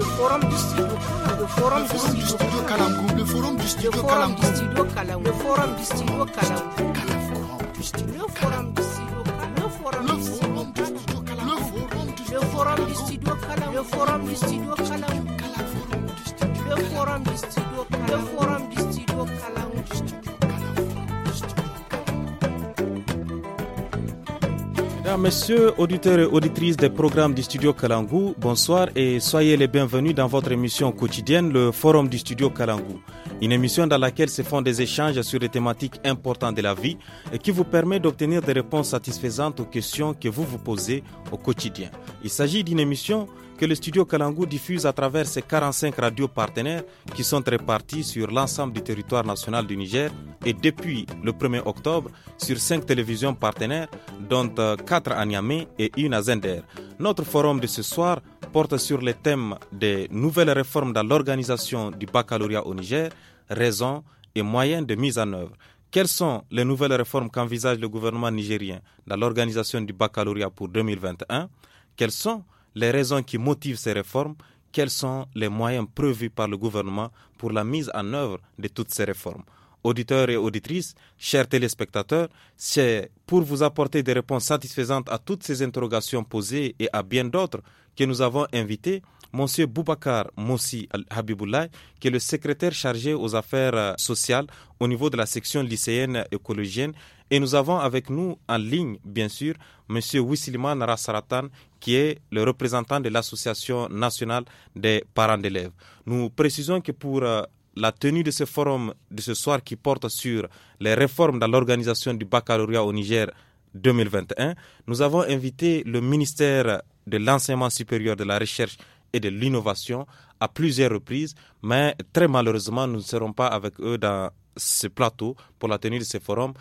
le forum du studio le forum du studio le forum du studio Calam, le forum du studio le forum du studio le forum du le forum du le forum du le forum du le forum du messieurs, auditeurs et auditrices des programmes du studio Kalangou, bonsoir et soyez les bienvenus dans votre émission quotidienne, le Forum du studio Kalangou. Une émission dans laquelle se font des échanges sur des thématiques importantes de la vie et qui vous permet d'obtenir des réponses satisfaisantes aux questions que vous vous posez au quotidien. Il s'agit d'une émission que le studio Kalangu diffuse à travers ses 45 radios partenaires qui sont réparties sur l'ensemble du territoire national du Niger et depuis le 1er octobre sur 5 télévisions partenaires dont 4 euh, à Niamey et une à Zender. Notre forum de ce soir porte sur les thèmes des nouvelles réformes dans l'organisation du baccalauréat au Niger, raisons et moyens de mise en œuvre. Quelles sont les nouvelles réformes qu'envisage le gouvernement nigérien dans l'organisation du baccalauréat pour 2021 Quelles sont les raisons qui motivent ces réformes, quels sont les moyens prévus par le gouvernement pour la mise en œuvre de toutes ces réformes. Auditeurs et auditrices, chers téléspectateurs, c'est pour vous apporter des réponses satisfaisantes à toutes ces interrogations posées et à bien d'autres que nous avons invité M. Boubacar Mossi Habiboulay, qui est le secrétaire chargé aux affaires euh, sociales au niveau de la section lycéenne écologienne. Et nous avons avec nous en ligne, bien sûr, M. Wissiliman Rassaratan, qui est le représentant de l'Association nationale des parents d'élèves. Nous précisons que pour euh, la tenue de ce forum de ce soir qui porte sur les réformes dans l'organisation du baccalauréat au Niger 2021, nous avons invité le ministère de l'enseignement supérieur, de la recherche et de l'innovation à plusieurs reprises, mais très malheureusement, nous ne serons pas avec eux dans ce plateau pour la tenue de ce forum,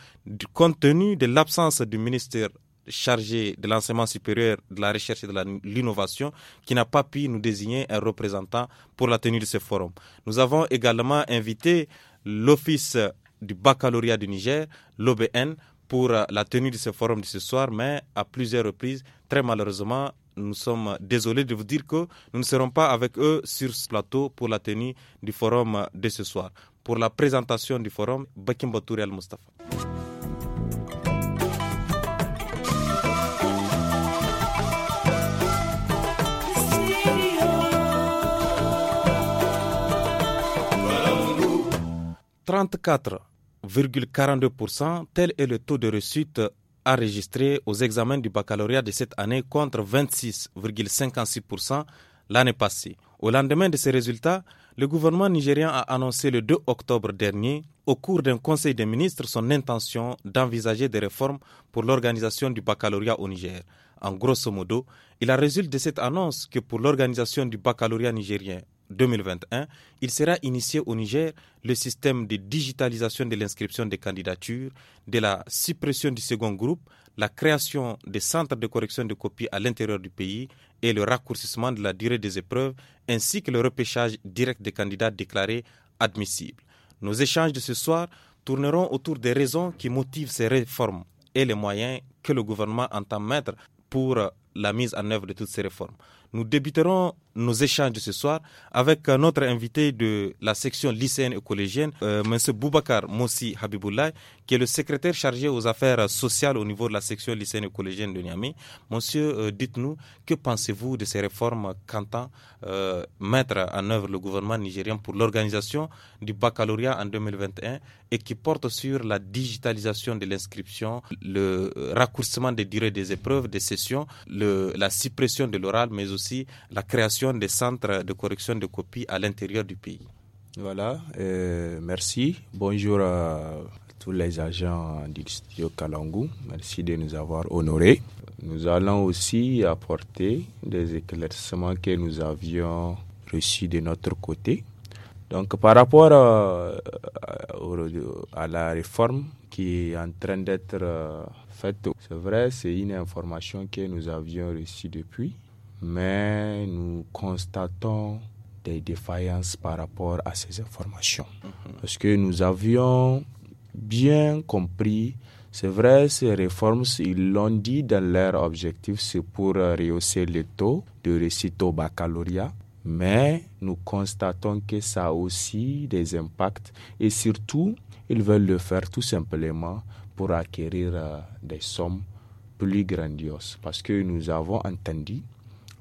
compte tenu de l'absence du ministère chargé de l'enseignement supérieur, de la recherche et de l'innovation, qui n'a pas pu nous désigner un représentant pour la tenue de ce forum. Nous avons également invité l'Office du baccalauréat du Niger, l'OBN, pour euh, la tenue de ce forum de ce soir, mais à plusieurs reprises, très malheureusement, nous sommes désolés de vous dire que nous ne serons pas avec eux sur ce plateau pour la tenue du forum de ce soir. Pour la présentation du forum, Bakim Touré Al Mustafa. 34,42%, tel est le taux de réussite enregistré aux examens du baccalauréat de cette année contre 26,56% l'année passée. Au lendemain de ces résultats, le gouvernement nigérian a annoncé le 2 octobre dernier, au cours d'un conseil des ministres, son intention d'envisager des réformes pour l'organisation du baccalauréat au Niger. En grosso modo, il a résulte de cette annonce que pour l'organisation du baccalauréat nigérien 2021, il sera initié au Niger le système de digitalisation de l'inscription des candidatures, de la suppression du second groupe, la création des centres de correction de copies à l'intérieur du pays et le raccourcissement de la durée des épreuves, ainsi que le repêchage direct des candidats déclarés admissibles. Nos échanges de ce soir tourneront autour des raisons qui motivent ces réformes et les moyens que le gouvernement entend mettre pour la mise en œuvre de toutes ces réformes. Nous débuterons nos échanges de ce soir avec euh, notre invité de la section lycéenne et collégienne, Monsieur M. Boubacar Mossi Habiboulay, qui est le secrétaire chargé aux affaires sociales au niveau de la section lycéenne et collégienne de Niamey. Monsieur, euh, dites-nous, que pensez-vous de ces réformes qu'entend euh, mettre en œuvre le gouvernement nigérien pour l'organisation du baccalauréat en 2021 et qui porte sur la digitalisation de l'inscription, le raccourcissement des durées des épreuves, des sessions, le, la suppression de l'oral, mais aussi la création des centres de correction de copies à l'intérieur du pays. Voilà, euh, merci. Bonjour à tous les agents du studio Kalangu. Merci de nous avoir honorés. Nous allons aussi apporter des éclaircissements que nous avions reçus de notre côté. Donc par rapport euh, à la réforme qui est en train d'être euh, faite, c'est vrai, c'est une information que nous avions reçue depuis mais nous constatons des défaillances par rapport à ces informations. Mhm. Parce que nous avions bien compris, c'est vrai, ces réformes, ils l'ont dit dans leur objectif, c'est pour rehausser les taux de réussite au baccalauréat. Mais nous constatons que ça a aussi des impacts et surtout, ils veulent le faire tout simplement pour acquérir euh, des sommes plus grandioses. Parce que nous avons entendu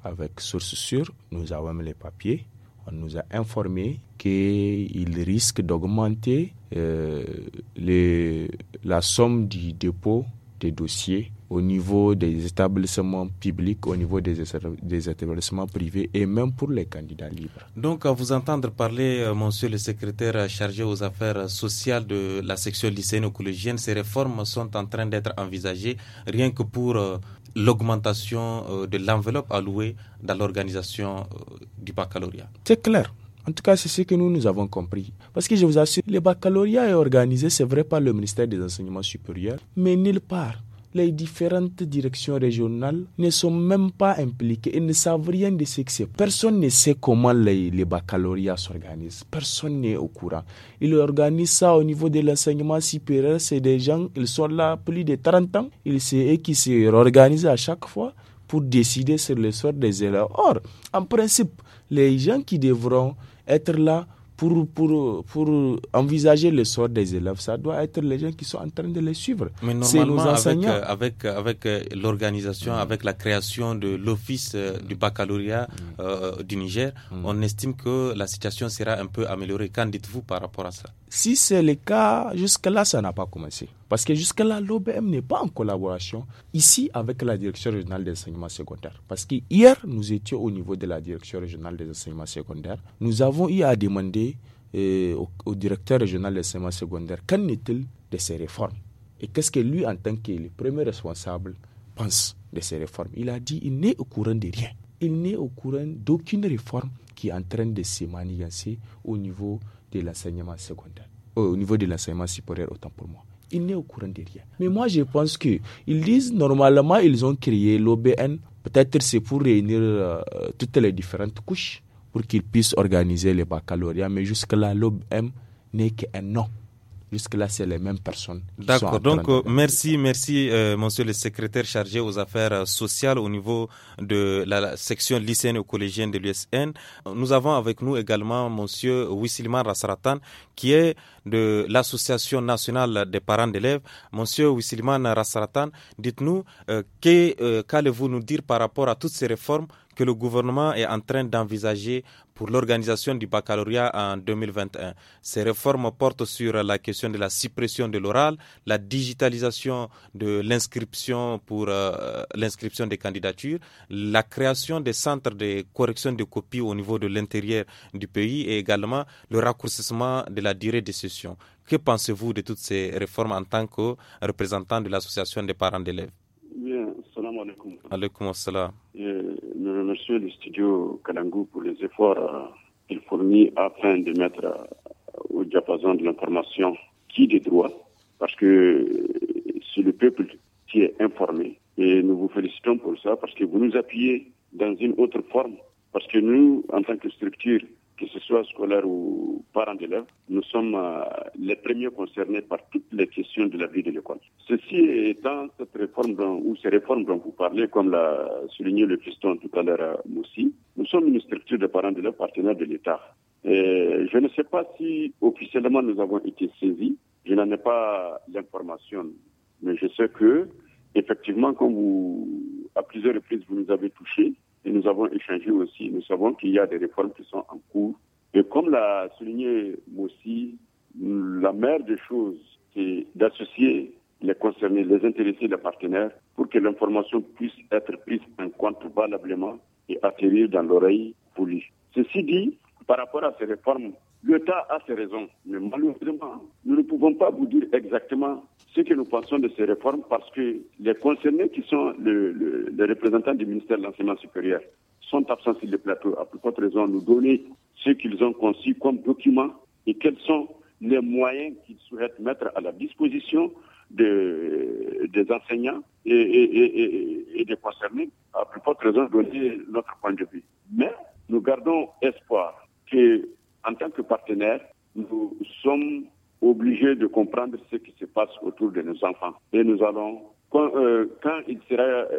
avec source sûre, nous avons les papiers. On nous a informé qu'il risque d'augmenter euh, la somme du dépôt des dossiers au niveau des établissements publics, au niveau des, des, établissements privés et même pour les candidats libres. Donc, à vous entendre parler, euh, monsieur le secrétaire chargé aux affaires sociales de la section lycéenne ces réformes sont en train d'être envisagées rien que pour euh, l'augmentation euh, de l'enveloppe allouée dans l'organisation euh, du baccalauréat. C'est clair. En tout cas, c'est ce que nous, nous avons compris. Parce que je vous assure, le baccalauréat est organisé, c'est vrai, par le ministère des Enseignements supérieurs, mais nulle part les différentes directions régionales ne sont même pas impliquées et ne savent rien de ce que c'est. Personne ne sait comment les, baccalauréats s'organisent. Personne n'est au courant. Ils organisent ça au niveau de l'enseignement supérieur. C'est des gens, ils sont là plus de 30 ans. Ils c'est qui se réorganisent à chaque fois pour décider sur le sort des élèves. Or, en principe, les gens qui devront être là pour, pour, pour envisager le sort des élèves, ça doit être les gens qui sont en train de les suivre. Mais normalement, nos avec, euh, avec, euh, euh, l'organisation, mm. avec la création de l'office du baccalauréat mm. du Niger, mm. on estime que la situation sera un peu améliorée. Qu'en dites-vous par rapport à ça Si c'est le cas, jusque-là, ça n'a pas commencé. Parce que jusque-là, l'OBM n'est pas en collaboration ici avec la Direction régionale des enseignements secondaires. Parce que hier, nous étions au niveau de la Direction régionale des enseignements secondaires. Nous avons eu à demander euh, au, directeur régional des enseignements secondaires qu'en est-il de ces réformes et qu'est-ce que lui, en tant que premier responsable, pense de ces réformes. Il a dit il n'est au courant de rien. Il n'est au courant d'aucune réforme qui est en train de se manigancer au niveau de l'enseignement secondaire, euh, au niveau de l'enseignement supérieur, autant pour moi. Il n'est au courant de rien. Mais moi, je pense que ils disent normalement, ils ont créé l'OBN. Peut-être c'est pour réunir euh, toutes les différentes couches pour qu'ils puissent organiser les baccalauréats. Mais jusque-là, l'OBN n'est qu'un nom. Jusque-là, c'est les mêmes personnes. D'accord. Donc, euh, merci, merci, euh, monsieur le secrétaire chargé aux affaires euh, sociales au niveau de la section lycéenne et collégienne de l'USN. Nous avons avec nous également monsieur Wissilman Rassaratan, qui est de l'Association nationale des parents d'élèves. Monsieur Wissilman Rassaratan, dites-nous, qu'allez-vous nous dire par rapport à toutes ces réformes que le gouvernement est en train d'envisager pour l'organisation du baccalauréat en 2021. Ces réformes portent sur la question de la suppression de l'oral, la digitalisation de l'inscription pour euh, l'inscription des candidatures, la création des centres de correction de copies au niveau de l'intérieur du pays et également le raccourcissement de la durée des sessions. Que pensez-vous de toutes ces réformes en tant que représentant de l'association des parents d'élèves Bien, salam alaikum. Euh, Monsieur le studio Kalangu pour les efforts euh, qu'il fournit afin de mettre euh, au diapason de l'information qui des droits, parce que euh, c'est le peuple qui est informé. Et nous vous félicitons pour ça, parce que vous nous appuyez dans une autre forme, parce que nous, en tant que structure, que ce soit scolaire ou parents d'élèves, nous sommes euh, les premiers concernés par toutes les questions de la vie de l'école. Ceci étant, cette réforme dont, ou ces réformes dont vous parlez, comme l'a souligné le piston tout à l'heure aussi, euh, nous sommes une structure de parents d'élèves partenaires de l'État. je ne sais pas si officiellement nous avons été saisis. Je n'en ai pas l'information, mais je sais que, effectivement, comme vous, à plusieurs reprises, vous nous avez touchés, et nous avons échangé aussi. Nous savons qu'il y a des réformes qui sont en cours. Et comme l'a souligné Mossi, la mère des choses, c'est d'associer les concernés, les intéressés, les partenaires, pour que l'information puisse être prise en compte valablement et atterrir dans l'oreille polie. Ceci dit, par rapport à ces réformes L'État a ses raisons, mais malheureusement, nous ne pouvons pas vous dire exactement ce que nous pensons de ces réformes parce que les concernés qui sont les représentants du ministère de l'Enseignement supérieur sont absents sur le plateau. À plus forte raison, nous donner ce qu'ils ont conçu comme document et quels sont les moyens qu'ils souhaitent mettre à la disposition des enseignants et, des concernés. À plus forte raison, donner notre point de vue. Mais nous gardons espoir que en tant que partenaire, nous sommes obligés de comprendre ce qui se passe autour de nos enfants. Et nous allons, quand, euh, il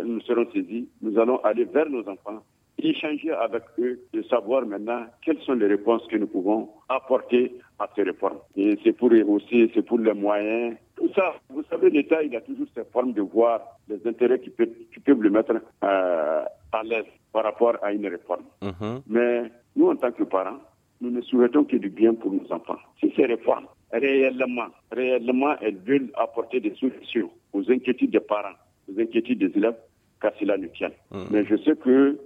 nous serons saisis, nous allons aller vers nos enfants, échanger avec eux, de savoir maintenant quelles sont les réponses que nous pouvons apporter à ces réformes. Et c'est pour eux aussi, c'est pour les moyens. Tout ça, vous savez, l'État, il a toujours cette forme de voir les intérêts qui peuvent, peuvent le mettre euh, à l'aise par rapport à une réforme. Mhm. Mais nous, en tant que parents, nous ne souhaitons que du bien pour nos enfants. Si ces réformes, réellement, réellement, elles veulent apporter des solutions aux inquiétudes des parents, aux inquiétudes des élèves, car cela nous tient. Mmh. Mais je sais que,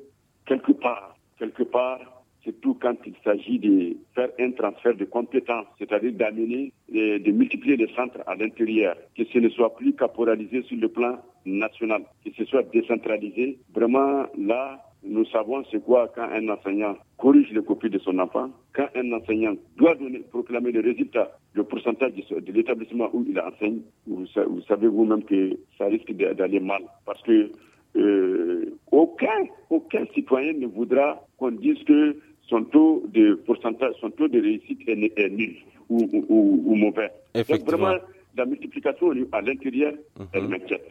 quelque part, quelque part, c'est tout quand il s'agit de faire un transfert de compétences, c'est-à-dire d'amener, euh, de multiplier les centres à l'intérieur, que ce ne soit plus caporalisé sur le plan national, que ce soit décentralisé. Vraiment, là, nous savons ce quoi quand un enseignant corrige les copies de son enfant, quand un enseignant doit proclamer le résultat, le pourcentage de l'établissement où il enseigne, vous, savez vous-même que ça risque d'aller mal. Parce que euh, aucun, aucun citoyen ne voudra qu'on dise que son taux de pourcentage, son taux de réussite est, nul ou, ou, mauvais. Donc vraiment, la multiplication à l'intérieur, elle mhm. m'inquiète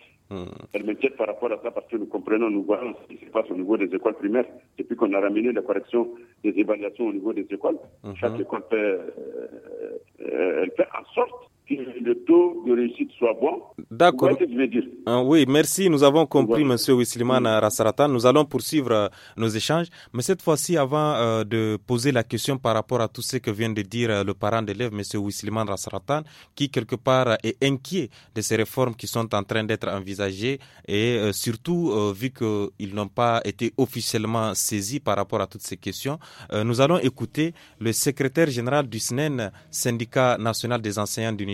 par rapport à ça parce que nous comprenons, nous voyons ce qui se passe au niveau des écoles primaires depuis qu'on a ramené la correction des évaluations au niveau des écoles. Mhm. Chaque école euh, euh, elle fait en sorte que le taux de réussite soit bon. D'accord. Ah oui, merci. Nous avons compris, M. Monsieur Wisliman Rassaratan. Nous allons poursuivre euh, nos échanges. Mais cette fois-ci, avant euh, de poser la question par rapport à tout ce que vient de dire euh, le parent d'élève, Monsieur Wisliman Rassaratan, qui quelque part est inquiet de ces réformes qui sont en train d'être envisagées et surtout vu qu'ils n'ont pas été officiellement saisis par rapport à toutes ces questions, nous allons écouter le secrétaire général du SNEN, e syndicat national des enseignants d'université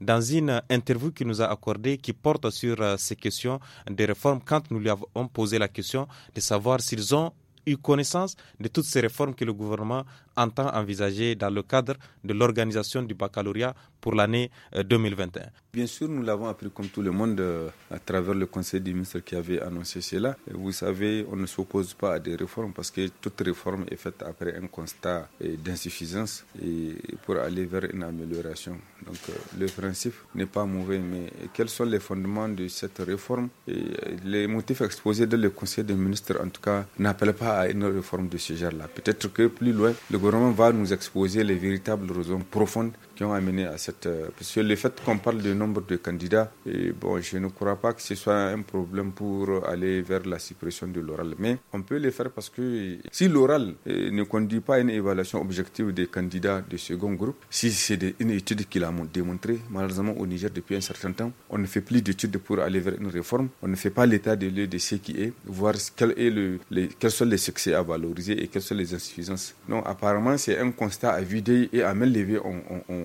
dans une interview qu'il nous a accordée qui porte sur euh, ces questions des réformes, quand nous lui avons posé la question de savoir s'ils ont eu connaissance de toutes ces réformes que le gouvernement entend envisager dans le cadre de l'organisation du baccalauréat pour l'année 2021 euh, Bien sûr, nous l'avons appris comme tout le monde euh, à travers le Conseil des ministres qui avait annoncé cela. Vous savez, on ne s'oppose pas à des réformes parce que toute réforme est faite après un constat euh, d'insuffisance et pour aller vers une amélioration. Donc le principe n'est pas mauvais, mais quels sont les fondements de cette réforme et Les motifs exposés dans le Conseil des ministres, en tout cas, n'appellent pas à une réforme de ce genre-là. Peut-être que plus loin, le gouvernement gouvernement va nous exposer les véritables raisons profondes qui ont amené à cette. Euh, parce que le fait qu'on parle du nombre de candidats, et bon, je ne crois pas que ce soit un problème pour aller vers la suppression de l'oral. Mais on peut le faire parce que si l'oral euh, ne conduit pas à une évaluation objective des candidats du second groupe, si c'est une étude qu'il a démontré, malheureusement au Niger depuis un certain temps, on ne fait plus d'études pour aller vers une réforme, on ne fait pas l'état de lieu de ce qui est, voir quel est le, quels sont les succès à valoriser et quelles sont les insuffisances. Non, apparemment, c'est un constat à vider et à main levée,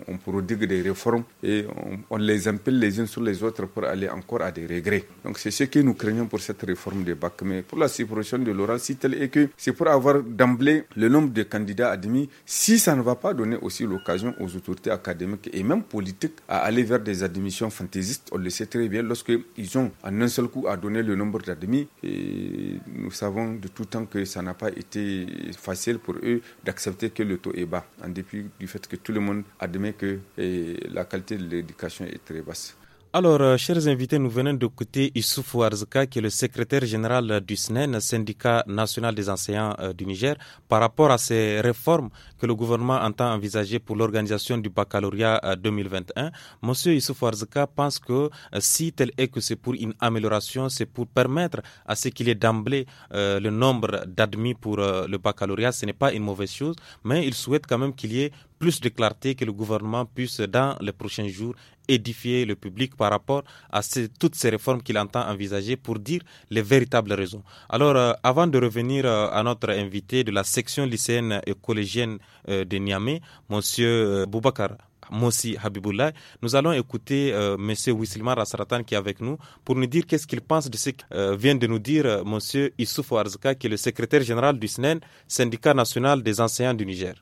on produit des réformes et on, les appelle les unes sur les autres pour aller encore à des regrets. Donc c'est ce que nous craignons pour cette réforme des BAC. Mais pour la suppression de l'oral, si tel est que c'est pour avoir d'emblée le nombre de candidats admis, si ça ne va pas donner aussi l'occasion aux autorités académiques et même politiques à aller vers des admissions fantaisistes, on le sait très bien, lorsqu'ils ont en un seul coup à donner le nombre d'admis, et nous savons de tout temps que ça n'a pas été facile pour eux d'accepter que le taux est bas, en dépit du fait que tout le monde admet que eh, la qualité de l'éducation est très basse. Alors, euh, chers invités, nous venons d'écouter Issouf Ouarzka, qui est le secrétaire général du SNEN, e syndicat national des enseignants euh, du Niger, par rapport à ces réformes que le gouvernement entend envisager pour l'organisation du baccalauréat 2021. Euh, monsieur Issouf Ouarzka pense que si tel est que c'est pour une amélioration, c'est pour permettre à ce qu'il y ait d'emblée le nombre d'admis pour le baccalauréat. Ce n'est pas une mauvaise chose, mais il souhaite quand même qu'il y ait plus de clarté, que le gouvernement puisse, dans les prochains jours, édifier le public par rapport à toutes ces réformes qu'il entend envisager pour dire les véritables raisons. Alors, euh, avant de revenir euh, à notre invité de la section lycéenne et collégienne euh, de Niamey, Monsieur Boubacar Mossi Habibullah, Nous allons écouter M. Wissilmar Asratan qui est avec nous pour nous dire qu'est-ce qu'il pense de ce que vient de nous dire Monsieur M. Issouf Arzka, qui est le secrétaire général du SNEN, e syndicat national des enseignants du Niger.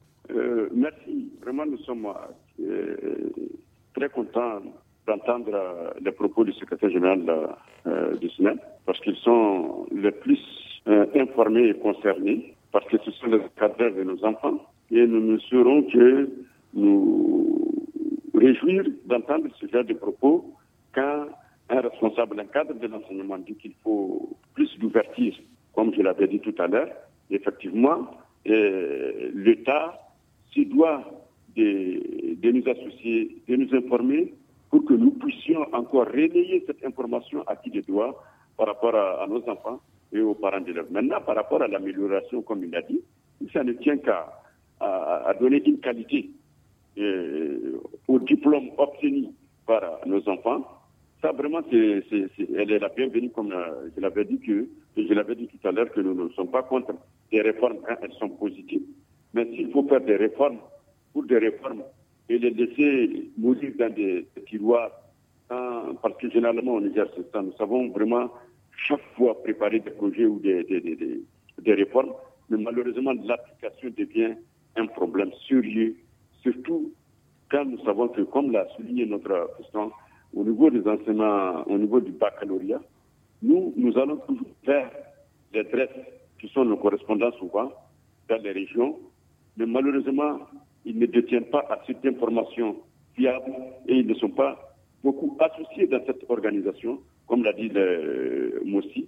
Eh, très content d'entendre les propos du secrétaire général euh, du SNEP parce qu'ils sont les plus euh, informés et concernés, parce que ce sont les cadres de nos enfants. Et nous ne saurons que nous réjouir d'entendre ce genre de propos quand un responsable d'un cadre de l'enseignement dit qu'il faut plus d'ouverture, comme je l'avais dit tout à l'heure. Effectivement, euh, l'État s'y doit de, nous associer, de nous informer pour que nous puissions encore relayer cette information à qui de doigts par rapport à, nos enfants et aux parents d'élèves. Maintenant, par rapport à l'amélioration, comme il a dit, ça ne tient qu'à à, donner une qualité euh, au diplôme obtenu par nos enfants. Ça, vraiment, elle est la bienvenue, comme euh, je l'avais dit, que, je l'avais dit tout à l'heure, que nous ne sommes pas contre des réformes. elles sont positives. Mais s'il faut faire des réformes pour des réformes et les laisser mourir dans des tiroirs. parce que généralement, on exerce ça. Nous savons vraiment chaque fois préparer des projets ou des, des, des, réformes. Mais malheureusement, l'application devient un problème sérieux, surtout quand nous savons que, comme l'a souligné notre président, au niveau des enseignements, au niveau du baccalauréat, nous, nous allons toujours faire les dresses qui sont nos correspondants souvent dans les régions. Mais malheureusement, ils ne détiennent pas assez d'informations fiables et ils ne sont pas beaucoup associés dans cette organisation comme l'a dit le euh,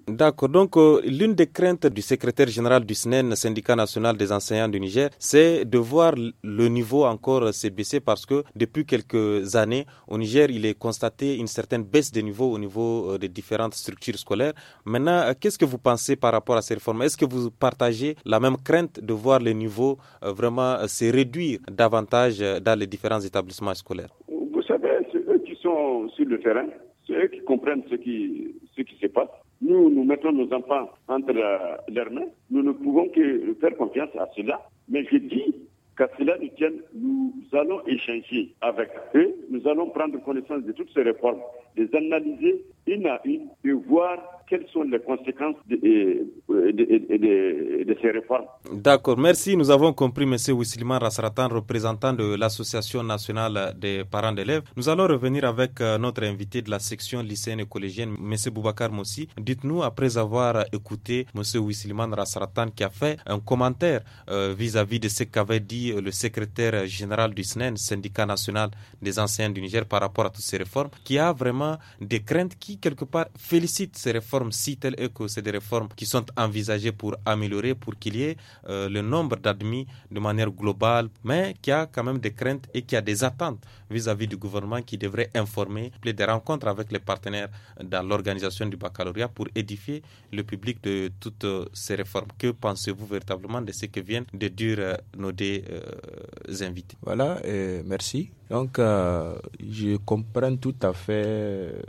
D'accord. Donc, euh, l'une des craintes du secrétaire général du SNEN, syndicat national des enseignants du Niger, c'est de voir le niveau encore se baisser parce que depuis quelques années, au Niger, il est constaté une certaine baisse des niveaux au niveau euh, des différentes structures scolaires. Maintenant, qu'est-ce que vous pensez par rapport à ces réformes Est-ce que vous partagez la même crainte de voir le niveau vraiment se réduire davantage dans les différents établissements scolaires Vous savez, ceux qui sont sur le terrain, c'est eux qui comprennent ce qui, ce qui se passe. Nous, nous mettons nos enfants entre euh, leurs mains. Nous ne pouvons que faire confiance à cela. Mais je dis qu'à cela nous tienne, nous allons échanger avec eux. Nous allons prendre connaissance de toutes ces réformes, les analyser une à une et voir quelles sont les conséquences de, ces réformes. D'accord, merci. Nous avons compris M. Wissilman Rasratan, représentant de l'Association nationale des parents d'élèves. Nous allons revenir avec euh, notre invité de la section lycéenne et collégienne, M. Boubacar Moussi. Dites-nous, après avoir écouté M. Wissilman Rasratan qui a fait un commentaire euh, vis-à-vis de ce qu'avait dit euh, le secrétaire général du SNEN, e syndicat national des anciens du Niger, par rapport à toutes ces réformes, qui a vraiment des craintes qui, quelque part, félicitent ces réformes si tel est que c'est des réformes qui sont envisagées pour améliorer, pour qu'il y ait euh, le nombre d'admis de manière globale, mais qu'il y a quand même des craintes et qu'il y a des attentes vis-à-vis du gouvernement qui devrait informer, des rencontres avec les partenaires dans l'organisation du baccalauréat pour édifier le public de toutes euh, ces réformes. Que pensez-vous véritablement de ce que viennent de dire euh, nos deux invités Voilà, merci. Donc, je comprends tout à fait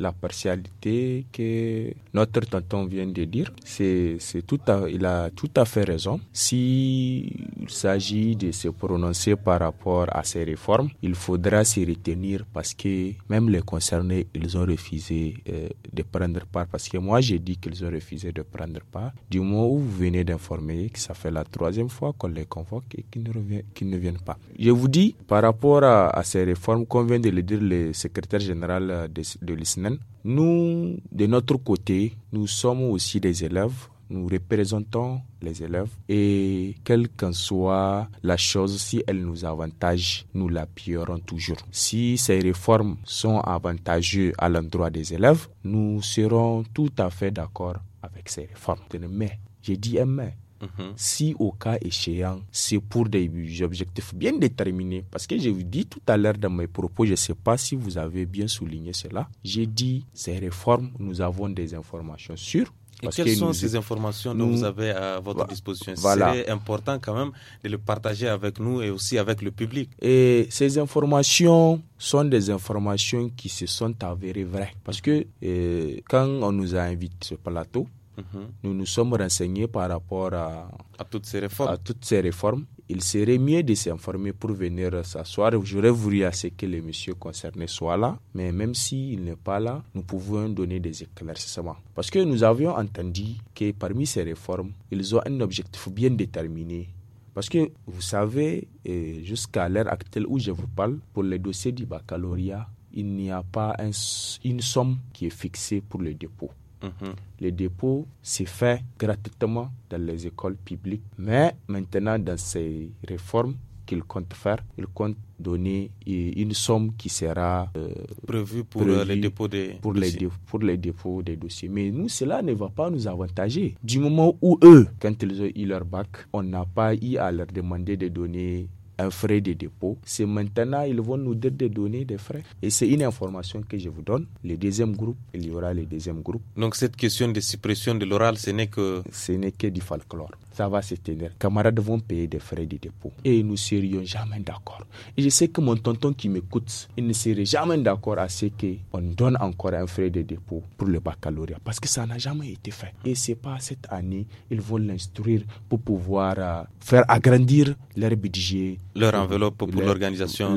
la partialité que notre tonton vient de dire, c'est, tout il a tout à fait raison. S'il il s'agit de se prononcer par rapport à ces réformes, il faudra s'y retenir parce que même les concernés, ils ont refusé euh, de prendre part. Parce que moi, j'ai dit qu'ils ont refusé de prendre part. Du moment où vous venez d'informer que ça fait la troisième fois qu'on les convoque et qu'ils ne, ne viennent pas. Je vous dis, par rapport à, ces réformes, qu'on vient de le dire le secrétaire général euh, de, de nous, de notre côté, nous sommes aussi des élèves nous représentons les élèves et quelle qu'en soit la chose, si elle nous avantage, nous l'appuierons toujours. Si ces réformes sont avantageuses à l'endroit des élèves, nous serons tout à fait d'accord avec ces réformes. Mais, j'ai dit mais, Mhm. si au cas échéant, c'est pour des objectifs bien déterminés. Parce que je vous dis tout à l'heure dans mes propos, je ne sais pas si vous avez bien souligné cela, j'ai mhm. dit ces réformes, nous avons des informations sûres et quelles sont ces informations dont vous avez à votre disposition C'est important quand même de le partager avec nous et aussi avec le public. Et ces informations sont des informations qui se sont avérées vraies. Parce que euh, quand on nous a invité à ce plateau, Mhm. Nous nous sommes renseignés par rapport à, toutes ces réformes. à toutes ces réformes. Il serait mieux de s'informer pour venir s'asseoir. J'aurais voulu à ce que les messieurs concernés soient là, mais même s'il n'est pas là, nous pouvons donner des éclaircissements. Parce que nous avions entendu que parmi ces réformes, ils ont un objectif bien déterminé parce que vous savez, jusqu'à l'heure actuelle où je vous parle, pour les dossiers du baccalauréat, il n'y a pas une somme qui est fixée pour le dépôt. Mhm. Les dépôts dépôt s'est fait gratuitement dans les écoles publiques. Mais maintenant, dans ces réformes qu'il compte faire, il compte donner euh, une somme qui sera euh, prévue pour, euh, les, dépôts des pour les, pour les dépôts des dossiers. Mais nous, cela ne va pas nous avantager. Du moment où eux, quand ils ont eu leur bac, on n'a pas eu à leur demander de donner un frais de dépôt. C'est maintenant, ils vont nous dire de donner des frais. Et c'est une information que je vous donne. Le deuxième groupe, il y aura le deuxième groupe. Donc cette question de suppression de l'oral, ce n'est que... Ce n'est que du folklore ça va se tenir. Camarades vont payer des frais de dépôt. Et nous ne serions jamais d'accord. Et je sais que mon tonton qui m'écoute, il ne serait jamais d'accord à ce qu'on donne encore un frais de dépôt pour le baccalauréat. Parce que ça n'a jamais été fait. Et c'est pas cette année, ils vont l'instruire pour pouvoir euh, faire agrandir leur budget. Leur enveloppe pour l'organisation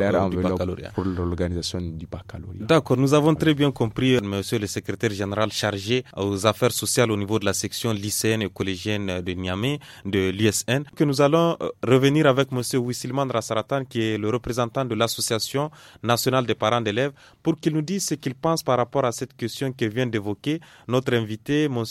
Pour l'organisation du baccalauréat. D'accord, nous avons très bien compris, euh, monsieur le secrétaire général chargé aux affaires sociales au niveau de la section lycéenne et collégienne de Niamey de l'ISN, que nous allons euh, revenir avec M. Wissilman Rassaratan, qui est le représentant de l'Association nationale des parents d'élèves, pour qu'il nous dise ce qu'il pense par rapport à cette question que vient d'évoquer notre invité, M.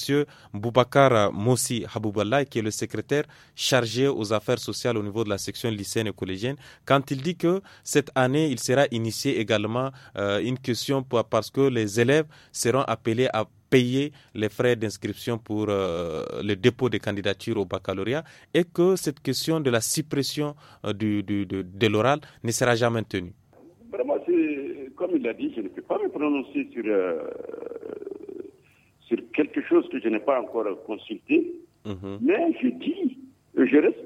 Boubacar Moussi Habouballah, qui est le secrétaire chargé aux affaires sociales au niveau de la section lycéenne et collégienne, quand il dit que cette année, il sera initié également euh, une question parce que les élèves seront appelés à payer les frais d'inscription pour euh, le dépôt des candidatures au baccalauréat et que cette question de la suppression euh, du, de, l'oral ne sera jamais tenue comme il l'a dit, je ne peux pas me prononcer sur, euh, quelque chose que je n'ai pas encore consulté, mhm. mais je dis, je reste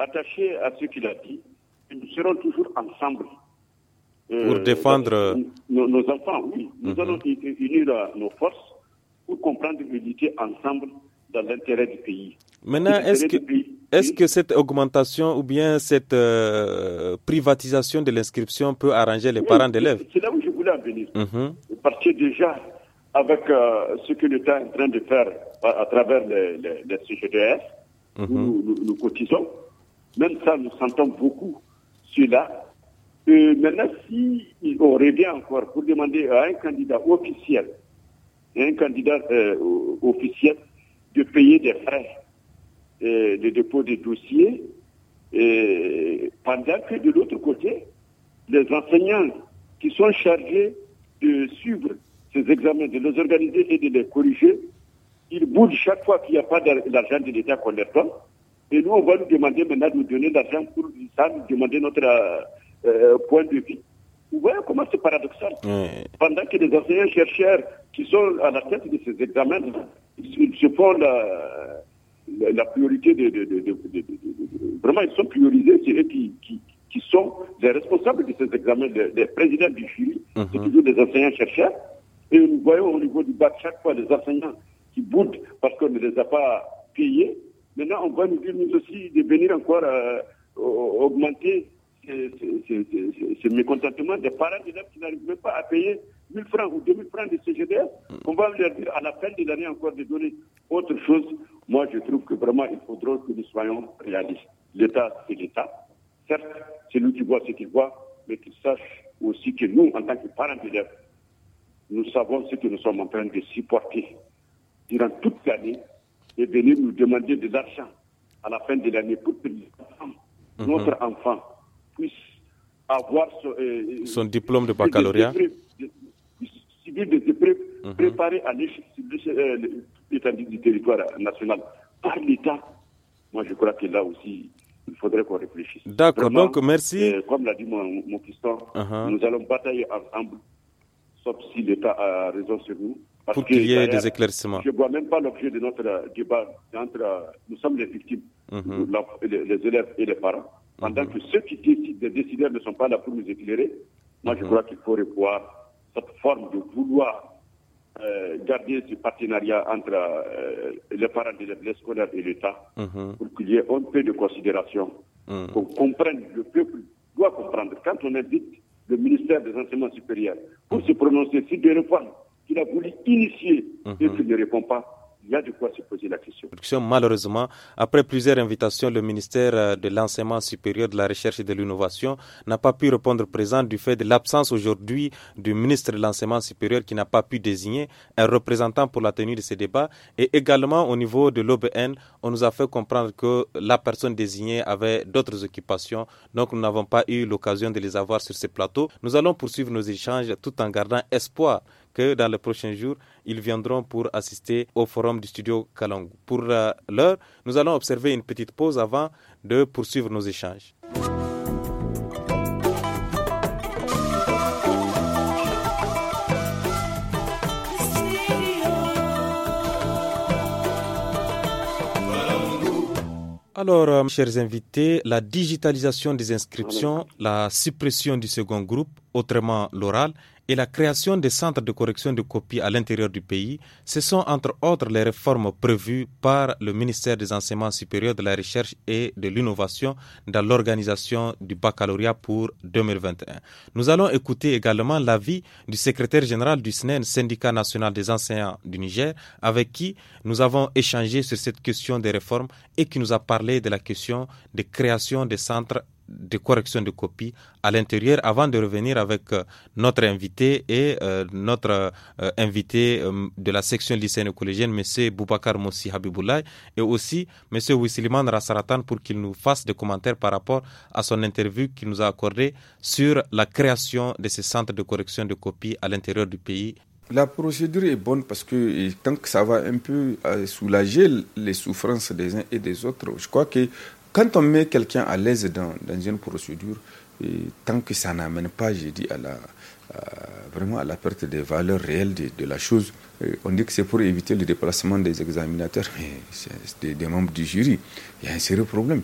attaché à ce qu'il a dit, nous serons toujours ensemble. pour défendre nos, enfants, oui. Nous mhm. allons unir nos forces pour comprendre et ensemble dans l'intérêt du pays. Maintenant, est-ce que, est-ce que cette augmentation ou bien cette euh, privatisation de l'inscription peut arranger les parents d'élèves C'est là où je voulais en venir. Mhm. Partir déjà, avec euh, ce que l'État est en train de faire à, travers les, les, mhm. nous, cotisons, même ça, nous sentons beaucoup cela. Euh, maintenant, si aurait bien encore pour demander à un candidat officiel un candidat euh, officiel de payer des frais euh, de dépôt des dossiers, euh, pendant que de l'autre côté, les enseignants qui sont chargés de suivre ces examens, de les organiser et de les corriger, ils bougent chaque fois qu'il n'y a pas d'argent de l'État qu'on leur donne. Et nous, on va nous demander maintenant de nous donner l'argent pour nous demander notre point de vue. Vous voyez comment c'est paradoxal. Pendant que les enseignants-chercheurs qui sont à la tête de ces examens, ils se font la, priorité de, Vraiment, ils sont priorisés, c'est eux qui, qui, sont les responsables de ces examens, des présidents du jury, mhm. c'est toujours des enseignants-chercheurs. Et nous voyons au niveau du bac chaque fois des enseignants qui boutent parce qu'on ne les a pas payés. Maintenant, on va nous dire, nous aussi, de venir encore euh, augmenter ce mécontentement des parents d'élèves qui n'arrivent pas à payer 1000 francs ou 2000 francs de CGDF, mm. on va leur dire à la fin de l'année encore de donner autre chose. Moi, je trouve que vraiment, il faudra que nous soyons réalistes. L'État, c'est l'État. Certes, c'est lui qui voit ce qu'il voit, mais qu'il sache aussi que nous, en tant que parents d'élèves, nous savons ce que nous sommes en train de supporter durant toute l'année et venir nous demander de l'argent à la fin de l'année pour que mm-hmm. notre enfant avoir euh, euh, son, diplôme de baccalauréat, subir des épreuves mhm. à euh, l'étendue du territoire national par l'État. Moi, je crois que là aussi, il faudrait qu'on réfléchisse. D'accord, donc merci. comme l'a dit mon, mon uh-huh. nous allons batailler ensemble, sauf si l'État a raison sur nous. Parce Pour qu'il y ait des éclaircissements. Je ne vois même pas l'objet de notre débat. nous sommes les victimes, mhm. les élèves et les parents pendant que ceux qui décident, les décideurs ne sont pas là pour nous éclairer, moi je mhm. crois qu'il faut revoir cette forme de vouloir euh, garder ce partenariat entre euh, les parents de l'élève et l'État mhm. pour qu'il y ait un peu de considération, pour mhm. qu'on comprenne, le peuple doit comprendre. Quand on invite le ministère des Enseignements supérieurs pour se prononcer sur des réformes qu'il a voulu initier et qu'il ne répond pas, il y a de quoi se poser la question. Malheureusement, après plusieurs invitations, le ministère euh, de l'Enseignement supérieur de la Recherche et de l'Innovation n'a pas pu répondre présent du fait de l'absence aujourd'hui du ministre de l'Enseignement supérieur qui n'a pas pu désigner un représentant pour la tenue de ces débats. Et également au niveau de l'OBN, on nous a fait comprendre que la personne désignée avait d'autres occupations, donc nous n'avons pas eu l'occasion de les avoir sur ces plateaux. Nous allons poursuivre nos échanges tout en gardant espoir dans les prochains jours, ils viendront pour assister au forum du studio Kalangu. Pour euh, l'heure, nous allons observer une petite pause avant de poursuivre nos échanges. Alors, euh, chers invités, la digitalisation des inscriptions, la suppression du second groupe, autrement l'oral, et la création des centres de correction de copies à l'intérieur du pays, ce sont entre autres les réformes prévues par le ministère des Enseignements supérieurs de la Recherche et de l'Innovation dans l'organisation du baccalauréat pour 2021. Nous allons écouter également l'avis du secrétaire général du SNEN, e syndicat national des enseignants du Niger, avec qui nous avons échangé sur cette question des réformes et qui nous a parlé de la question de création des centres de correction de copies à l'intérieur avant de revenir avec euh, notre invité et euh, notre euh, invité de la section lycéenne collégienne, M. Boubacar Moussi Habiboulay, et aussi M. Wissiliman Rassaratan pour qu'il nous fasse des commentaires par rapport à son interview qu'il nous a accordé sur la création de ces centres de correction de copies à l'intérieur du pays la procédure est bonne parce que tant que ça va un peu soulager les souffrances des uns et des autres, je crois que quand on met quelqu'un à l'aise dans, dans, une procédure, tant que ça n'amène pas, j'ai dit, à la, vraiment à la perte des valeurs réelles de, la chose, on dit que c'est pour éviter le déplacement des examinateurs, mais c'est des, membres du jury. Il y a un sérieux problème.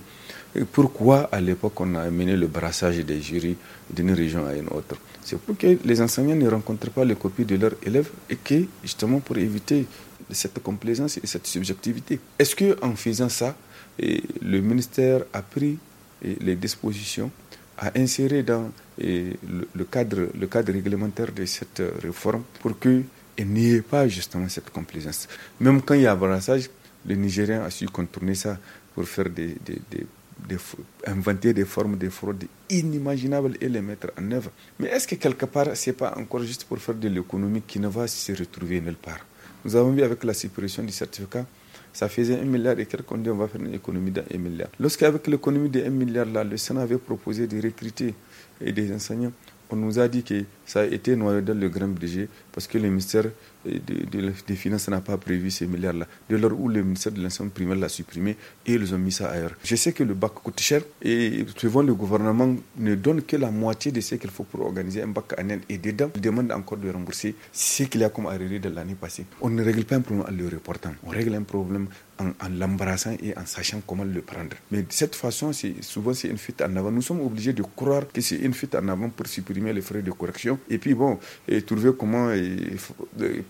Et pourquoi à l'époque on a amené le brassage des jurys d'une région à une autre C'est pour que les enseignants ne rencontrent pas les copies de leurs élèves et que justement pour éviter cette complaisance et cette subjectivité. Est-ce que en faisant ça, et le ministère a pris les dispositions à insérer dans le, cadre, le cadre réglementaire de cette réforme pour qu'il n'y ait pas justement cette complaisance. Même quand il y a brassage, le Nigérien a su contourner ça pour faire des, inventer des formes de fraude inimaginables et les mettre en œuvre. Mais est-ce que quelque part, ce n'est pas encore juste pour faire de l'économie qui ne va se retrouver nulle part Nous avons vu avec la suppression du certificat ça faisait 1 milliard et quelqu'un dit on va faire une économie d'un milliard. Lorsqu'avec l'économie de 1 milliard, là, le Sénat avait proposé de recruter des enseignants, on nous a dit que ça a été noyé dans le grand budget parce que le ministère des Finances n'a pas prévu ces milliards-là, de l'heure où le ministère de l'enseignement primaire l'a supprimé et ils ont mis ça ailleurs. Je sais que le bac coûte cher et souvent le gouvernement ne donne que la moitié de ce qu'il faut pour organiser un bac annuel et dedans, il demande encore de rembourser ce qu'il a comme arrêté de l'année passée. On ne règle pas un problème en le reportant, on règle un problème en, en l'embrassant et en sachant comment le prendre. Mais de cette façon, souvent c'est une fuite en avant. Nous sommes obligés de croire que c'est une fuite en avant pour supprimer les frais de correction et puis bon, et trouver comment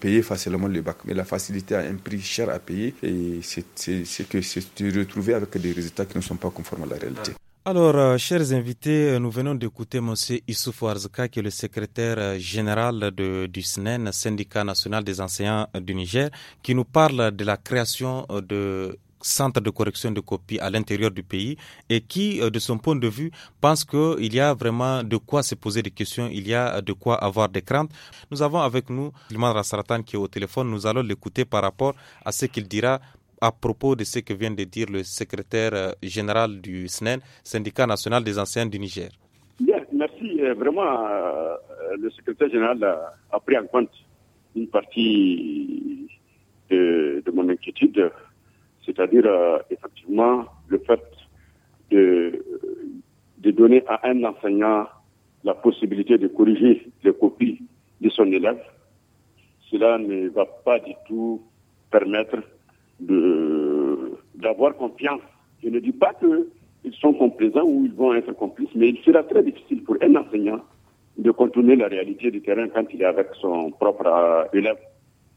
payer facilement le bac. Mais la facilité a un prix cher à payer, et c'est que c'est de retrouver avec des résultats qui ne sont pas conformes à la réalité. Alors, euh, chers invités, euh, nous venons d'écouter M. Issouf Ouarzka, qui est le secrétaire euh, général du SNEN, e syndicat national des enseignants du Niger, qui nous parle de la création de centres de correction de copies à l'intérieur du pays et qui, de son point de vue, pense qu'il y a vraiment de quoi se poser des questions, il y a de quoi avoir des craintes. Nous avons avec nous Limandra Rasratan qui est au téléphone, nous allons l'écouter par rapport à ce qu'il dira à propos de ce que vient de dire le secrétaire euh, général du SNEN, e Syndicat national des anciens du Niger Bien, merci. Euh, vraiment, euh, le secrétaire général a, pris en compte une partie de, mon inquiétude, c'est-à-dire effectivement le fait de, de donner à un enseignant la possibilité de corriger les copies de son élève. Cela ne va pas du tout permettre d'avoir confiance. Je ne dis pas qu'ils sont complaisants ou ils vont être complices, mais il sera très difficile pour un enseignant de contourner la réalité du terrain quand il est avec son propre euh, élève,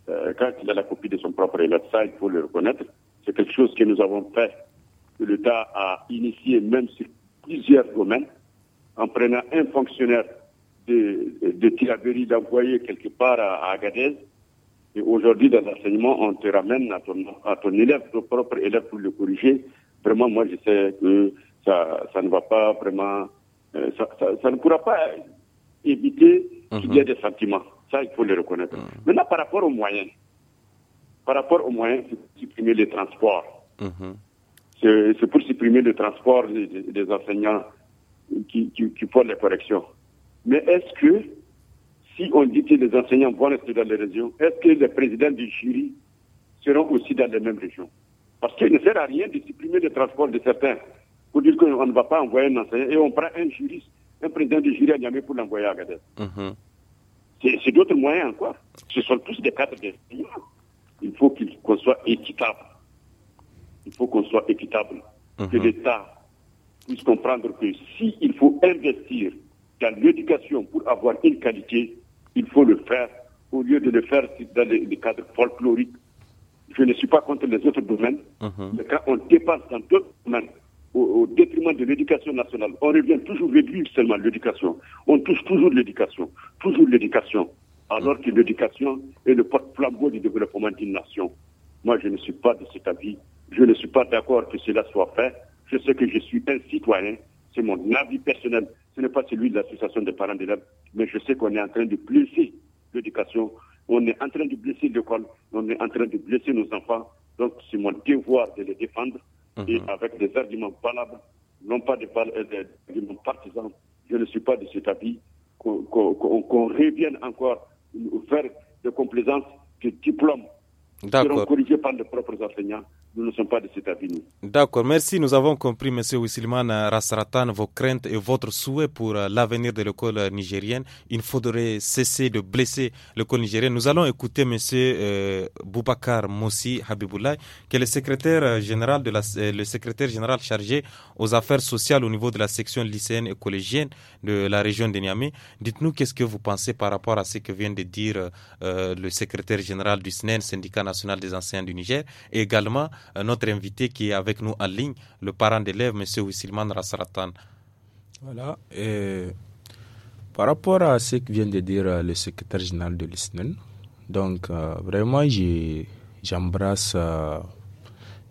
euh, quand il a la copie de son propre élève. Ça, il faut le reconnaître. C'est quelque chose que nous avons fait, que l'État a initié même sur plusieurs domaines, en prenant un fonctionnaire de, de d'envoyer quelque part à Agadez, et aujourd'hui, dans l'enseignement, on te ramène à ton, élève, ton propre élève pour le corriger. Vraiment, moi, je sais que ça, ça ne va pas vraiment, euh, ça, ça, ne pourra pas éviter qu'il y ait mhm. des sentiments. Ça, il faut le reconnaître. Mhm. Maintenant, par rapport aux moyens, par rapport aux moyens, c'est supprimer les transports. C'est pour supprimer les transports mhm. des, enseignants qui, qui, qui font les corrections. Mais est-ce que si on dit que les enseignants vont rester dans les régions, est-ce que les présidents du jury seront aussi dans les mêmes régions Parce qu'il ne sert à rien de supprimer le transport de certains pour dire qu'on ne va pas envoyer un enseignant et on prend un juriste, un président du jury à Niamey pour l'envoyer à Agadez. Mm-hmm. C'est d'autres moyens quoi. Ce sont tous des cadres d'enseignants. Il faut qu'on soit équitable. Il faut qu'on soit équitable. Que mm-hmm. l'État puisse comprendre que s'il faut investir dans l'éducation pour avoir une qualité, il faut le faire au lieu de le faire dans les, cadres folkloriques. Je ne suis pas contre les autres domaines, mhm. mais quand on dépasse dans d'autres domaines, au, détriment de l'éducation nationale, on revient toujours réduire seulement l'éducation. On touche toujours l'éducation, toujours l'éducation, alors mhm. que l'éducation est le porte-flambeau du développement d'une nation. Moi, je ne suis pas de cet avis. Je ne suis pas d'accord que cela soit fait. Je sais que je suis un citoyen. C'est mon avis personnel ce n'est pas celui de l'association des parents d'élèves, mais je sais qu'on est en train de blesser l'éducation, on est en train de blesser l'école, on est en train de blesser nos enfants. Donc c'est mon devoir de les défendre et mhm. avec des arguments valables, non pas euh, des, arguments partisans. Je ne suis pas de cet avis qu'on revienne encore vers des complaisances, de diplômes qui seront corrigés par les propres enseignants nous ne sommes pas de cet avis. D'accord, merci. Nous avons compris, Monsieur Wissilman euh, Rasratan, vos craintes et votre souhait pour euh, l'avenir de l'école euh, nigérienne. Il faudrait cesser de blesser l'école nigérienne. Nous allons écouter Monsieur Boubakar Boubacar Mossi Habiboulay, qui est le secrétaire général de la, le secrétaire général chargé aux affaires sociales au niveau de la section lycéenne et collégienne de la région de Niamey. Dites-nous qu'est-ce que vous pensez par rapport à ce que vient de dire le secrétaire général du SNEN, e syndicat national des Anciens du Niger, et également euh, notre invité qui est avec nous en ligne, le parent d'élève, M. Wissilman Rassaratan. Voilà. Et par rapport à ce que vient de dire euh, le secrétaire général de l'ISNEN, e donc euh, vraiment, j'embrasse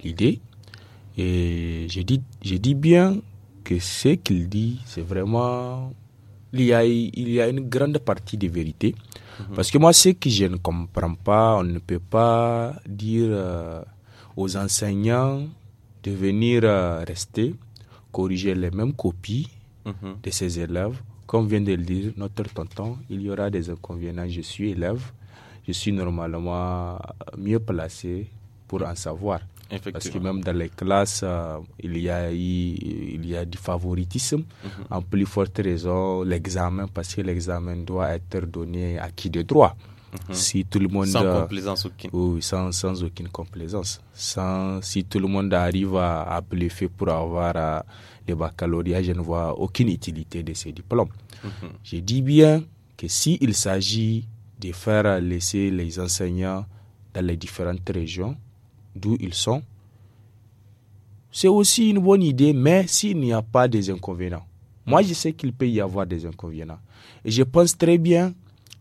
l'idée et je dis, je dis bien que ce qu'il dit, c'est vraiment il y, a, il y a une grande partie de vérité. Mhm. Parce que moi, ce que je ne comprends pas, on ne peut pas dire aux enseignants de venir euh, rester, corriger les mêmes copies mhm. de ces élèves. Comme vient de le dire notre tonton, il y aura des inconvénients. Je suis élève, je suis normalement euh, mieux placé pour en savoir. Parce que même dans les classes, euh, il, y a, il y a du favoritisme. Mhm. En plus forte raison, l'examen, parce que l'examen doit être donné à qui de droit. Mhm. Si tout le monde sans complaisance aucune. sans, sans, aucune complaisance. Sans, si tout le monde arrive à, à bluffer pour avoir euh, le baccalauréat, je ne vois aucune utilité de ces diplômes. Mhm. Je dis bien que s'il s'agit de faire laisser les enseignants dans les différentes régions d'où ils sont, c'est aussi une bonne idée, mais s'il n'y a pas des inconvénients. Moi, je sais qu'il peut y avoir des inconvénients. Et je pense très bien,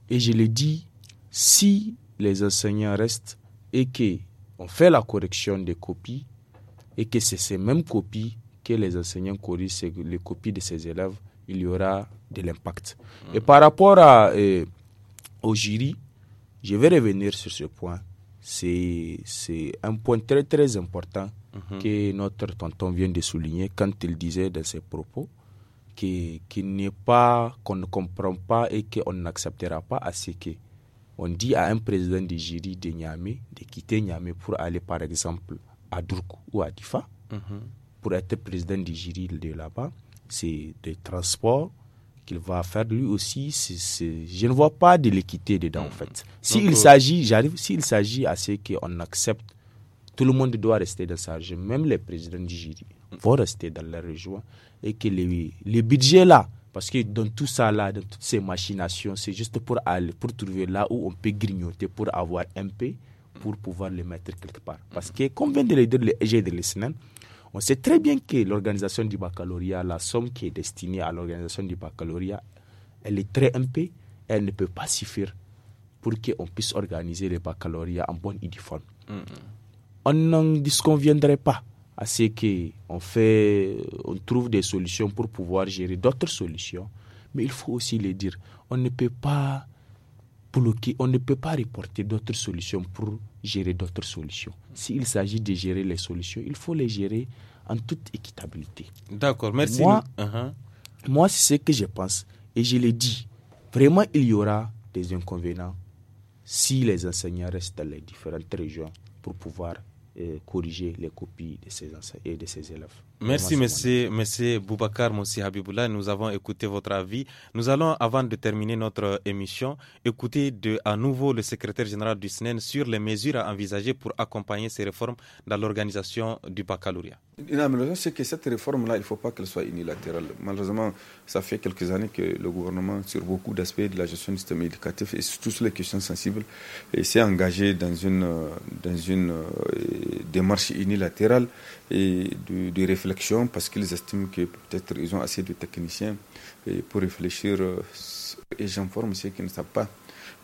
et je le dis si les enseignants restent et que on fait la correction des copies et que c'est ces mêmes copies que les enseignants corrigent les copies de ces élèves, il y aura de l'impact. Mmh. Et par rapport euh, au jury, je vais revenir sur ce point. C'est un point très très important mmh. que notre tonton vient de souligner quand il disait dans ses propos qu'il n'est pas, qu'on ne comprend pas et qu'on n'acceptera pas à ce que on dit à un président de de Niamey de quitter Niamey pour aller par exemple à Dourkou ou à Difa mhm. pour être président du de là-bas. C'est des transports qu'il va faire lui aussi. je ne vois pas de l'équité dedans en mhm. fait. S'il euh, s'agit, j'arrive, s'il s'agit à ce qu'on accepte, tout le monde doit rester dans sa région, même les présidents du jury mm. vont rester dans la région et que le budget là parce que dans tout ça là, dans toutes ces machinations, c'est juste pour aller, pour trouver là où on peut grignoter, pour avoir un peu, pour pouvoir les mettre quelque part. Parce que, comme vient de le dire de on sait très bien que l'organisation du baccalauréat, la somme qui est destinée à l'organisation du baccalauréat, elle est très peu, elle ne peut pas suffire pour qu'on puisse organiser le baccalauréat en bonne et Mm On n'en disconviendrait pas à ce qu'on fait, on trouve des solutions pour pouvoir gérer d'autres solutions. Mais il faut aussi le dire, on ne peut pas bloquer, on ne peut pas reporter d'autres solutions pour gérer d'autres solutions. S'il s'agit de gérer les solutions, il faut les gérer en toute équitabilité. D'accord, merci. Moi, uh-huh. moi c'est ce que je pense et je l'ai dit. Vraiment, il y aura des inconvénients si les enseignants restent dans les différentes régions pour pouvoir corriger les copies de ses, et de élèves. Merci, monsieur, monsieur Boubacar M. Habiboula. Nous avons écouté votre avis. Nous allons, avant de terminer notre euh, émission, écouter de, à nouveau le secrétaire général du SNEN e sur les mesures à envisager pour accompagner ces réformes dans l'organisation du baccalauréat c'est que cette réforme-là, il ne faut pas qu'elle soit unilatérale. Malheureusement, ça fait quelques années que le gouvernement, sur beaucoup d'aspects de la gestion du système éducatif et sur toutes les questions sensibles, euh, s'est engagé dans une, euh, dans une euh, démarche unilatérale et de, de réflexion parce qu'ils estiment que peut-être ils ont assez de techniciens pour réfléchir. Et j'informe ceux qui ne savent pas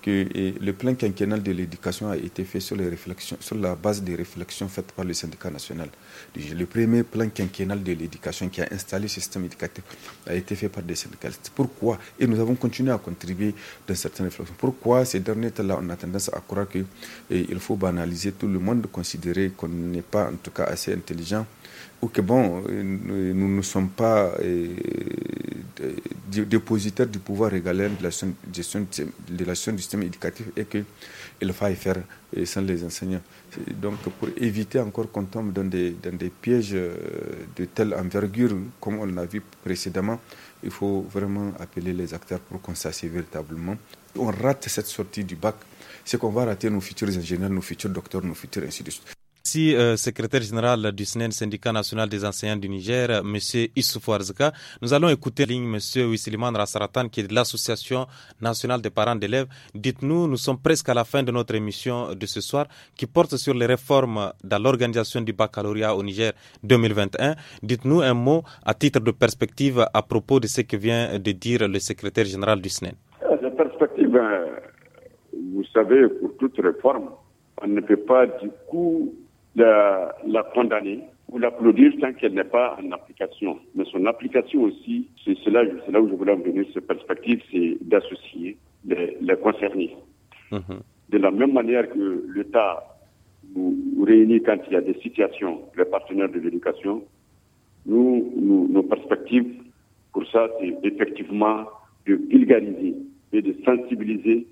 que eh, le plan quinquennal de l'éducation a été fait sur, les réflexions, sur la base des réflexions faites par le syndicat national. Le premier plan quinquennal de l'éducation qui a installé le système éducatif a été fait par des syndicalistes. Pourquoi Et nous avons continué à contribuer dans certaines réflexions. Pourquoi ces derniers temps-là, on a tendance à croire qu'il eh, faut banaliser tout le monde, considérer qu'on n'est pas en tout cas assez intelligent ou bon, euh, nous ne sommes pas euh, dépositaires du pouvoir régalien de la gestion, de la du système éducatif et qu'il faille faire euh, sans les enseignants. Donc pour éviter encore qu'on tombe dans des, pièges de telle envergure comme on l'a vu précédemment, il faut vraiment appeler les acteurs pour qu'on s'assied véritablement. On rate cette sortie du bac, c'est qu'on va rater nos futurs ingénieurs, nos futurs docteurs, nos futurs instituts. Si euh, secrétaire général du SNEN, syndicat national des enseignants du Niger, M. Monsieur Issoufou nous allons écouter ligne Monsieur Wissiliman Rassaratan, qui est de l'Association nationale des parents d'élèves. Dites-nous, nous sommes presque à la fin de notre émission de ce soir, qui porte sur les réformes dans l'organisation du baccalauréat au Niger 2021. Dites-nous un mot à titre de perspective à propos de ce que vient de dire le secrétaire général du SNEN. Euh, la perspective, euh, vous savez, pour toute réforme, on ne peut pas du coup la, condamner ou l'applaudir tant qu'elle n'est pas en application. Mais son application aussi, c'est là, là où je voulais en venir, cette perspective, c'est d'associer les, les, concernés. Mhm. De la même manière que l'État nous réunit quand il y a des situations, les partenaires de l'éducation, nous, nous, nos perspectives pour ça, c'est effectivement de vulgariser et de sensibiliser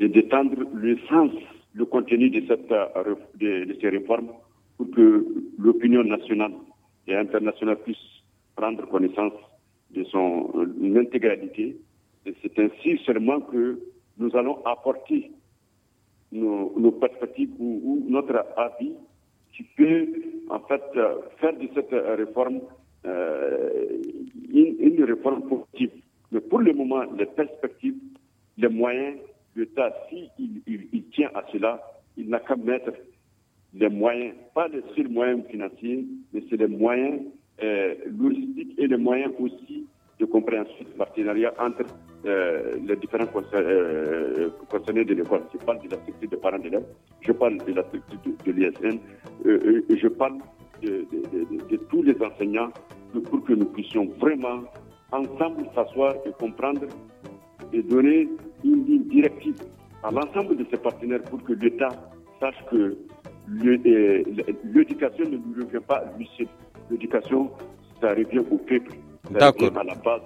et d'étendre le sens le contenu de, cette, euh, de, ces réformes pour que l'opinion nationale et internationale puisse prendre connaissance de son euh, intégralité. Et c'est ainsi seulement que nous allons apporter nos, perspectives ou, notre avis qui peut en fait faire de cette réforme euh, une, une réforme positive. Mais pour le moment, les perspectives, les moyens l'État, s'il il, il, tient à cela, il n'a qu'à mettre les moyens, pas les seuls moyens financiers, mais c'est les moyens euh, logistiques et les moyens aussi de compréhension de partenariat entre euh, les différents euh, concernés, de l'école. Je parle de la structure des parents d'élèves, je parle de la structure de, l'ISN, je parle de, de, tous les enseignants pour que nous puissions vraiment ensemble s'asseoir et comprendre et donner une directive à l'ensemble de ses partenaires pour que l'État sache que euh, l'éducation ne nous revient pas lui seul. L'éducation, ça revient au peuple. D'accord. À la base.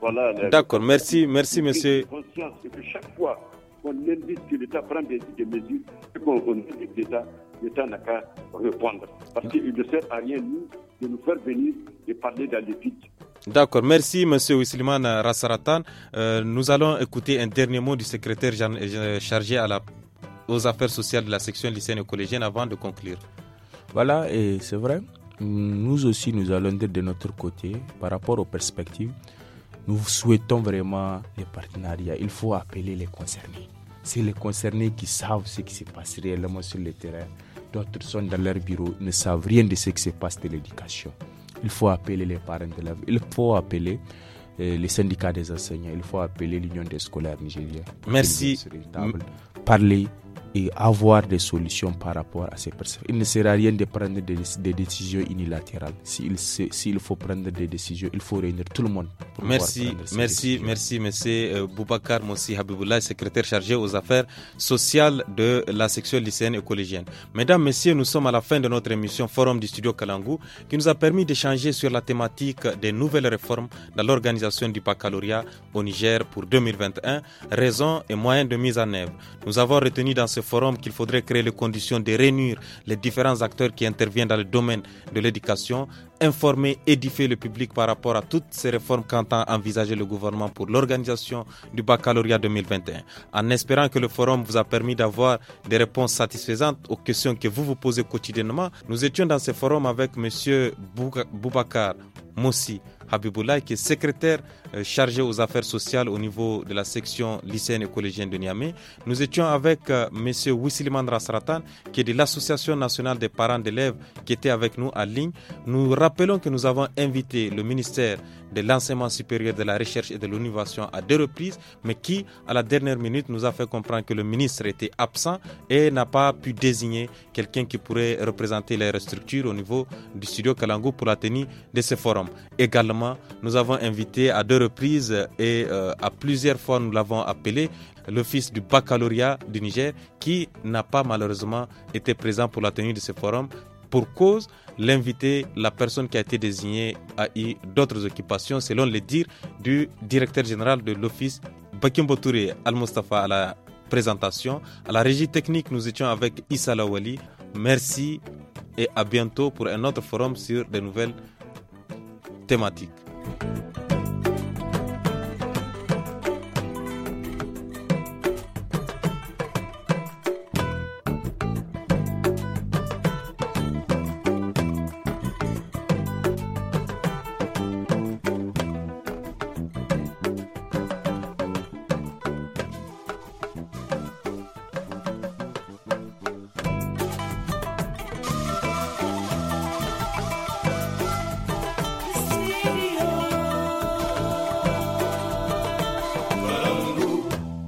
Voilà. D'accord. Merci, merci, monsieur. Conscience que chaque fois qu'on indique que l'État prend des, mesures et qu'on indique l'État, l'État n'a qu'à répondre. Parce ah. qu'il ne sert à rien, nous, de nous faire venir et parler dans les D'accord, merci Monsieur Wisliman Rassaratan. Euh, nous allons écouter un dernier mot du secrétaire euh, chargé aux affaires sociales de la section lycéenne et collégienne avant de conclure. Voilà, et c'est vrai. Nous aussi, nous allons dire de notre côté, par rapport aux perspectives, nous souhaitons vraiment les partenariats. Il faut appeler les concernés. C'est les concernés qui savent ce qui se passe réellement sur le terrain. D'autres sont dans leur bureau, ne savent rien de ce qui se passe de l'éducation. Il faut appeler les parents de d'élèves, il faut appeler euh, les syndicats des enseignants, il faut appeler l'Union des scolaires nigériens. Merci. Parler et avoir des solutions par rapport à ces personnes. Il ne sert à rien de prendre des, décisions unilatérales. S'il faut prendre des décisions, il faut réunir tout le monde. Pour merci, merci, merci, merci, monsieur euh, Boubacar Mossi Habiboullah, secrétaire chargé aux affaires sociales de la section lycéenne et collégienne. Mesdames, Messieurs, nous sommes à la fin de notre émission Forum du Studio Kalangou qui nous a permis d'échanger sur la thématique des nouvelles réformes dans l'organisation du baccalauréat au Niger pour 2021, raisons et moyens de mise en œuvre. Nous avons retenu dans ce forum qu'il faudrait créer les conditions de réunir les différents acteurs qui interviennent dans le domaine de l'éducation, informer, édifier le public par rapport à toutes ces réformes qu'entend envisager le gouvernement pour l'organisation du baccalauréat 2021, en espérant que le forum vous a permis d'avoir des réponses satisfaisantes aux questions que vous vous posez quotidiennement. Nous étions dans ce forum avec M. Boubacar Moussi Habiboulaye, qui est secrétaire euh, chargé aux affaires sociales au niveau de la section lycéenne et collégienne de Niamey. Nous étions avec euh, Monsieur M. Wissiliman Rasratan, qui est de l'Association nationale des parents d'élèves, qui était avec nous en ligne. Nous rappelons que nous avons invité le ministère de l'enseignement supérieur, de la recherche et de l'innovation à deux reprises, mais qui, à la dernière minute, nous a fait comprendre que le ministre était absent et n'a pas pu désigner quelqu'un qui pourrait représenter les structures au niveau du studio Kalango pour la tenue de ce forum. Également, nous avons invité à deux reprise et euh, à plusieurs fois nous l'avons appelé l'office du baccalauréat du Niger qui n'a pas malheureusement été présent pour la tenue de ce forum pour cause, l'invité, la personne qui a été désignée, a eu d'autres occupations, selon les dires du directeur général de l'office, Bakimbo Touré Al-Mustafa, à la présentation. À la régie technique, nous étions avec Issa Lawali. Merci et à bientôt pour un autre forum sur de nouvelles thématiques.